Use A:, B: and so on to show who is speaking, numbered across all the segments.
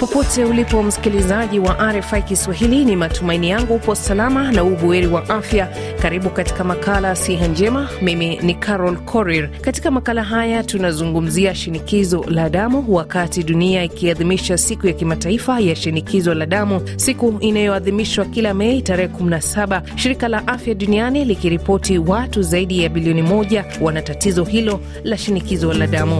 A: Popote ulipo msikilizaji wa RFI Kiswahili, ni matumaini yangu upo salama na ubuheri wa afya. Karibu katika makala Siha Njema. Mimi ni Carol corir Katika makala haya tunazungumzia shinikizo la damu, wakati dunia ikiadhimisha siku ya kimataifa ya shinikizo la damu, siku inayoadhimishwa kila Mei tarehe 17, shirika la afya duniani likiripoti watu zaidi ya bilioni moja wana tatizo hilo la shinikizo la damu.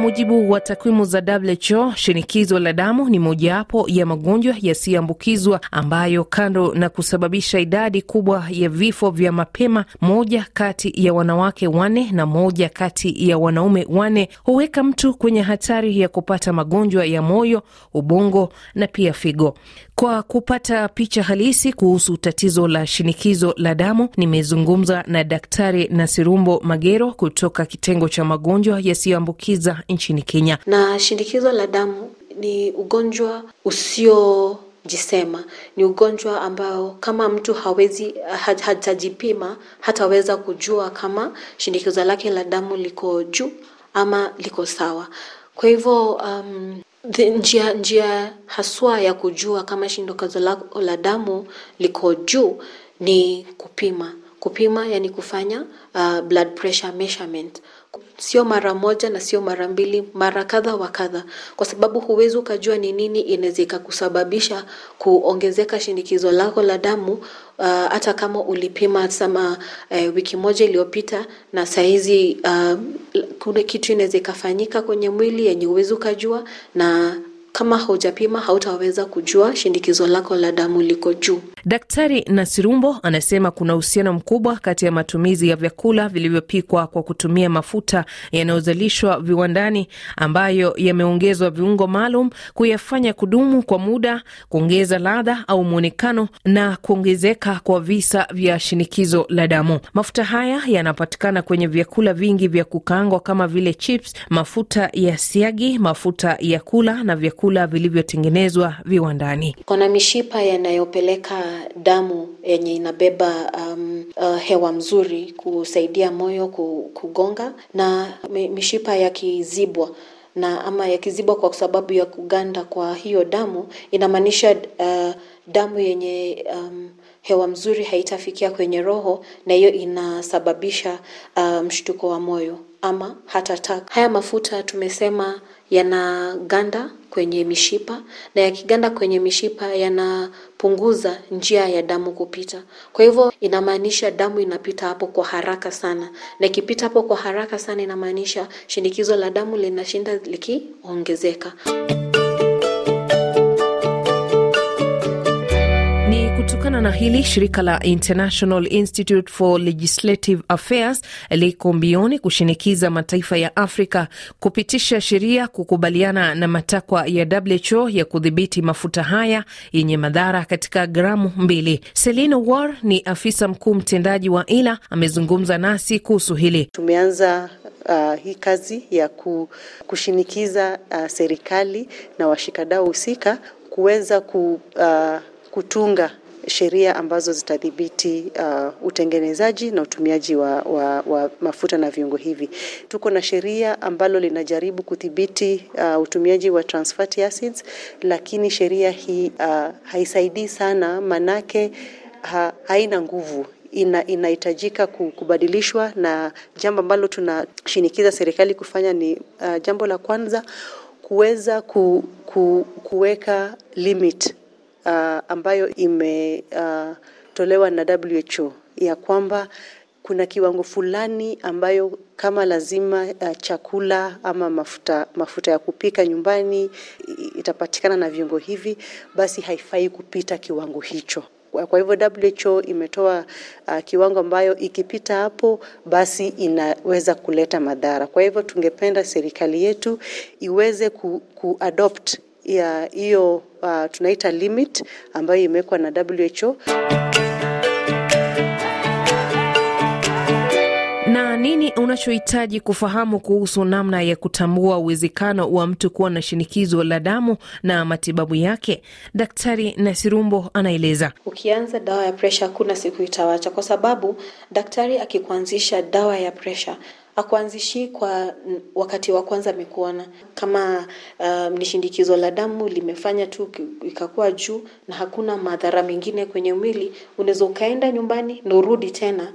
A: mujibu wa takwimu za WHO, shinikizo la damu ni mojawapo ya magonjwa yasiyoambukizwa ambayo kando na kusababisha idadi kubwa ya vifo vya mapema, moja kati ya wanawake wane na moja kati ya wanaume wane huweka mtu kwenye hatari ya kupata magonjwa ya moyo, ubongo na pia figo. Kwa kupata picha halisi kuhusu tatizo la shinikizo la damu, nimezungumza na Daktari Nasirumbo Magero kutoka kitengo cha magonjwa yasiyoambukiza nchini Kenya.
B: Na shinikizo la damu ni ugonjwa usiojisema, ni ugonjwa ambao kama mtu hawezi hatajipima hataweza kujua kama shinikizo lake la damu liko juu ama liko sawa. Kwa hivyo um, njia njia haswa ya kujua kama shinikizo lako la damu liko juu ni kupima. Kupima yani kufanya uh, blood pressure measurement, sio mara moja na sio mara mbili, mara kadha wa kadha, kwa sababu huwezi ukajua ni nini inaweza ikakusababisha kuongezeka shinikizo lako la damu uh, hata kama ulipima sama uh, wiki moja iliyopita na sahizi uh, kuna kitu inaweza ikafanyika kwenye mwili yenye huwezi ukajua na kama haujapima hautaweza kujua shinikizo lako la damu liko juu.
A: Daktari Nasirumbo anasema kuna uhusiano mkubwa kati ya matumizi ya vyakula vilivyopikwa kwa kutumia mafuta yanayozalishwa viwandani ambayo yameongezwa viungo maalum kuyafanya kudumu kwa muda, kuongeza ladha au mwonekano na kuongezeka kwa visa vya shinikizo la damu. Mafuta haya yanapatikana kwenye vyakula vingi vya kukaangwa kama vile chips, mafuta ya siagi, mafuta ya kula na vyakula vyakula vilivyotengenezwa viwandani.
B: Kuna mishipa yanayopeleka damu yenye inabeba um, uh, hewa mzuri kusaidia moyo kugonga, na mishipa yakizibwa na ama yakizibwa kwa sababu ya kuganda kwa hiyo damu inamaanisha uh, damu yenye um, hewa mzuri haitafikia kwenye roho na hiyo inasababisha uh, mshtuko wa moyo ama hata tak Haya mafuta tumesema yanaganda kwenye mishipa na yakiganda kwenye mishipa yanapunguza njia ya damu kupita. Kwa hivyo inamaanisha damu inapita hapo kwa haraka sana, na ikipita hapo kwa haraka sana inamaanisha shinikizo la damu linashinda likiongezeka.
A: Kutokana na hili, shirika la International Institute for Legislative Affairs liko mbioni kushinikiza mataifa ya Afrika kupitisha sheria kukubaliana na matakwa ya WHO ya kudhibiti mafuta haya yenye madhara katika gramu mbili. Selina War ni afisa mkuu mtendaji wa ILA, amezungumza nasi kuhusu hili.
C: Tumeanza uh, hii kazi ya kushinikiza uh, serikali na washikadau husika kuweza ku, uh, kutunga sheria ambazo zitadhibiti uh, utengenezaji na utumiaji wa, wa, wa mafuta na viungo hivi. Tuko na sheria ambalo linajaribu kudhibiti uh, utumiaji wa trans fatty acids, lakini sheria hii uh, haisaidii sana manake ha, haina nguvu ina inahitajika kubadilishwa, na jambo ambalo tunashinikiza serikali kufanya ni uh, jambo la kwanza kuweza ku, ku, kuweka limit uh, ambayo imetolewa uh, na WHO ya kwamba kuna kiwango fulani ambayo kama lazima uh, chakula ama mafuta, mafuta ya kupika nyumbani itapatikana na viungo hivi, basi haifai kupita kiwango hicho. Kwa hivyo WHO imetoa uh, kiwango ambayo ikipita hapo basi inaweza kuleta madhara. Kwa hivyo tungependa serikali yetu iweze ku, ku adopt ya hiyo uh, tunaita limit ambayo imewekwa na WHO.
A: Na nini unachohitaji kufahamu kuhusu namna ya kutambua uwezekano wa mtu kuwa na shinikizo la damu na matibabu yake? Daktari Nasirumbo anaeleza.
B: Ukianza dawa ya presha, hakuna siku itawacha, kwa sababu daktari akikuanzisha dawa ya presha akuanzishii kwa wakati wa kwanza amekuona kama um, ni shindikizo la damu limefanya tu ikakuwa juu na hakuna madhara mengine kwenye mwili, unaweza ukaenda nyumbani na urudi tena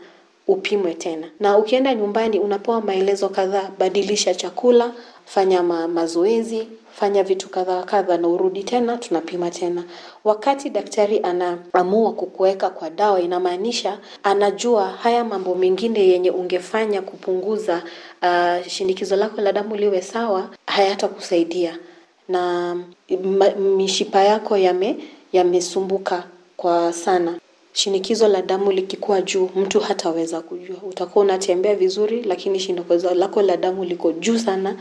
B: upimwe tena. Na ukienda nyumbani unapewa maelezo kadhaa, badilisha chakula, fanya ma mazoezi, fanya vitu kadhaa kadhaa, na urudi tena, tunapima tena. Wakati daktari anaamua kukuweka kwa dawa, inamaanisha anajua haya mambo mengine yenye ungefanya kupunguza uh, shinikizo lako la damu liwe sawa, hayatakusaidia na mm, mishipa yako yame yamesumbuka kwa sana shinikizo la damu likikuwa juu, mtu hataweza kujua. Utakuwa unatembea vizuri, lakini shinikizo lako la damu liko juu sana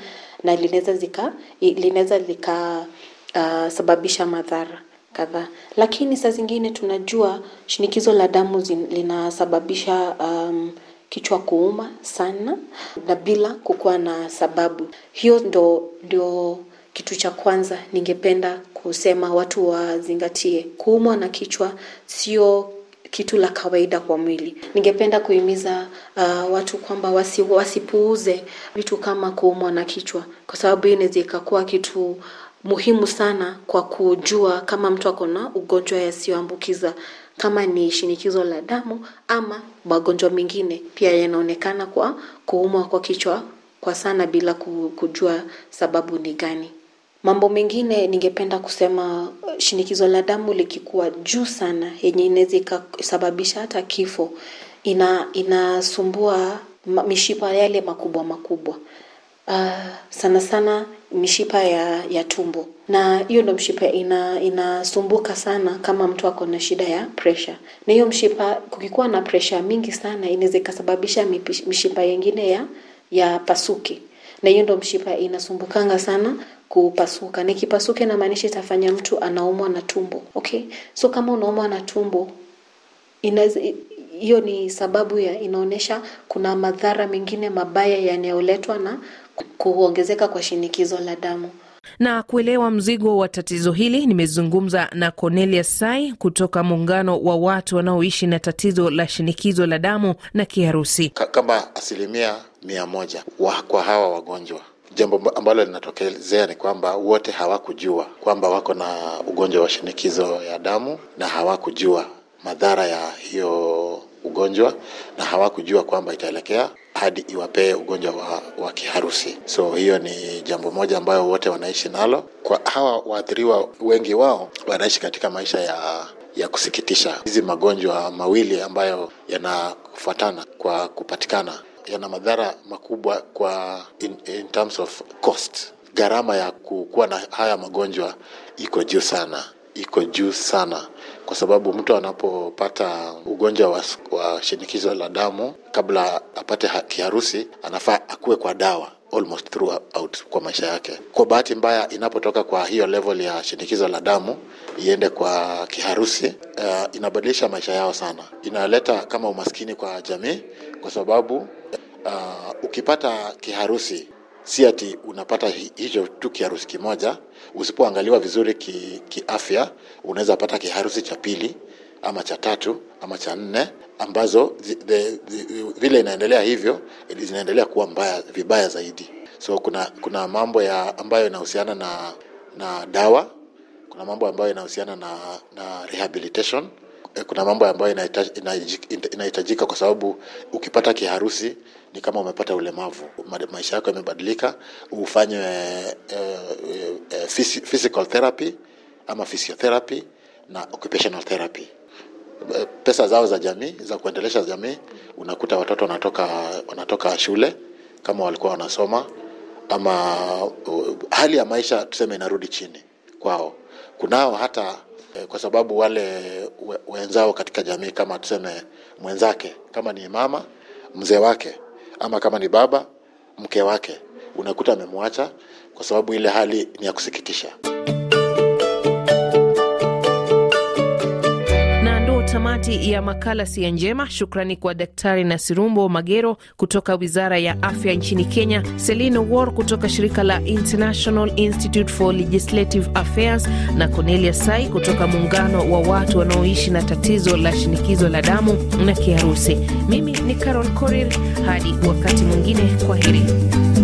B: na linaweza zika linaweza lika uh, ah, sababisha madhara kadhaa. Lakini saa zingine tunajua shinikizo la damu zin, linasababisha um, kichwa kuuma sana na bila kukuwa na sababu. Hiyo ndo ndio kitu cha kwanza ningependa kusema watu wazingatie. Kuumwa na kichwa sio kitu la kawaida kwa mwili. Ningependa kuhimiza uh, watu kwamba wasi, wasipuuze vitu kama kuumwa na kichwa, kwa sababu inaweza ikakuwa kitu muhimu sana kwa kujua kama mtu ako na ugonjwa yasiyoambukiza kama ni shinikizo la damu ama magonjwa mengine pia yanaonekana kwa kuumwa kwa kichwa kwa sana bila kujua sababu ni gani. Mambo mengine ningependa kusema, shinikizo la damu likikuwa juu sana, yenye inaweza ikasababisha hata kifo, ina inasumbua mishipa yale makubwa makubwa. Uh, sana sana mishipa ya, ya tumbo na hiyo ndo mshipa ina inasumbuka sana kama mtu ako na shida ya pressure, na hiyo mshipa kukikuwa na pressure mingi sana inaweza ikasababisha mishipa yengine ya ya pasuki, na hiyo ndo mshipa inasumbukanga sana kupasuka. Nikipasuka inamaanisha itafanya mtu anaumwa na tumbo, okay? So kama unaumwa na tumbo hiyo ni sababu ya inaonyesha kuna madhara mengine mabaya yanayoletwa na kuongezeka kwa shinikizo la damu.
A: Na kuelewa mzigo wa tatizo hili, nimezungumza na Cornelia Sai kutoka muungano wa watu wanaoishi na tatizo la shinikizo la damu na kiharusi.
D: Kama asilimia mia moja wa kwa hawa wagonjwa Jambo ambalo linatokezea ni kwamba wote hawakujua kwamba wako na ugonjwa wa shinikizo ya damu na hawakujua madhara ya hiyo ugonjwa na hawakujua kwamba itaelekea hadi iwapee ugonjwa wa, wa kiharusi. So hiyo ni jambo moja ambayo wote wanaishi nalo. Kwa hawa waathiriwa, wengi wao wanaishi katika maisha ya ya kusikitisha. Hizi magonjwa mawili ambayo yanafuatana kwa kupatikana yana madhara makubwa kwa in, in terms of cost. Gharama ya kukuwa na haya magonjwa iko juu sana, iko juu sana kwa sababu mtu anapopata ugonjwa wa, wa shinikizo la damu kabla apate kiharusi anafaa akuwe kwa dawa almost throughout kwa maisha yake. Kwa bahati mbaya, inapotoka kwa hiyo level ya shinikizo la damu iende kwa kiharusi, uh, inabadilisha maisha yao sana, inaleta kama umaskini kwa jamii, kwa sababu uh, ukipata kiharusi si ati unapata hicho tu kiharusi kimoja. Usipoangaliwa vizuri ki, kiafya unaweza pata kiharusi cha pili ama cha tatu ama cha nne, ambazo vile inaendelea hivyo zinaendelea kuwa mbaya, vibaya zaidi. So kuna kuna mambo ya ambayo inahusiana na na dawa, kuna mambo ambayo inahusiana na, na rehabilitation Eh, kuna mambo ambayo inahitajika kwa sababu ukipata kiharusi ni kama umepata ulemavu, maisha yako yamebadilika. Ufanye uh, uh, uh, physical therapy ama physiotherapy na occupational therapy. Eh, pesa zao za jamii za kuendelesha jamii, unakuta watoto wanatoka wanatoka shule kama walikuwa wanasoma, ama uh, hali ya maisha tuseme inarudi chini kwao. Kunao hata Eh, kwa sababu wale wenzao katika jamii, kama tuseme mwenzake, kama ni mama mzee wake, ama kama ni baba mke wake, unakuta amemwacha kwa sababu ile hali ni ya kusikitisha.
A: tamati ya makala siya Njema. Shukrani kwa Daktari Nasirumbo Magero kutoka Wizara ya Afya nchini Kenya, Celine War kutoka shirika la International Institute for Legislative Affairs na Cornelia Sai kutoka muungano wa watu wanaoishi na tatizo la shinikizo la damu na kiharusi. Mimi ni Carol Korir, hadi wakati mwingine, kwa heri.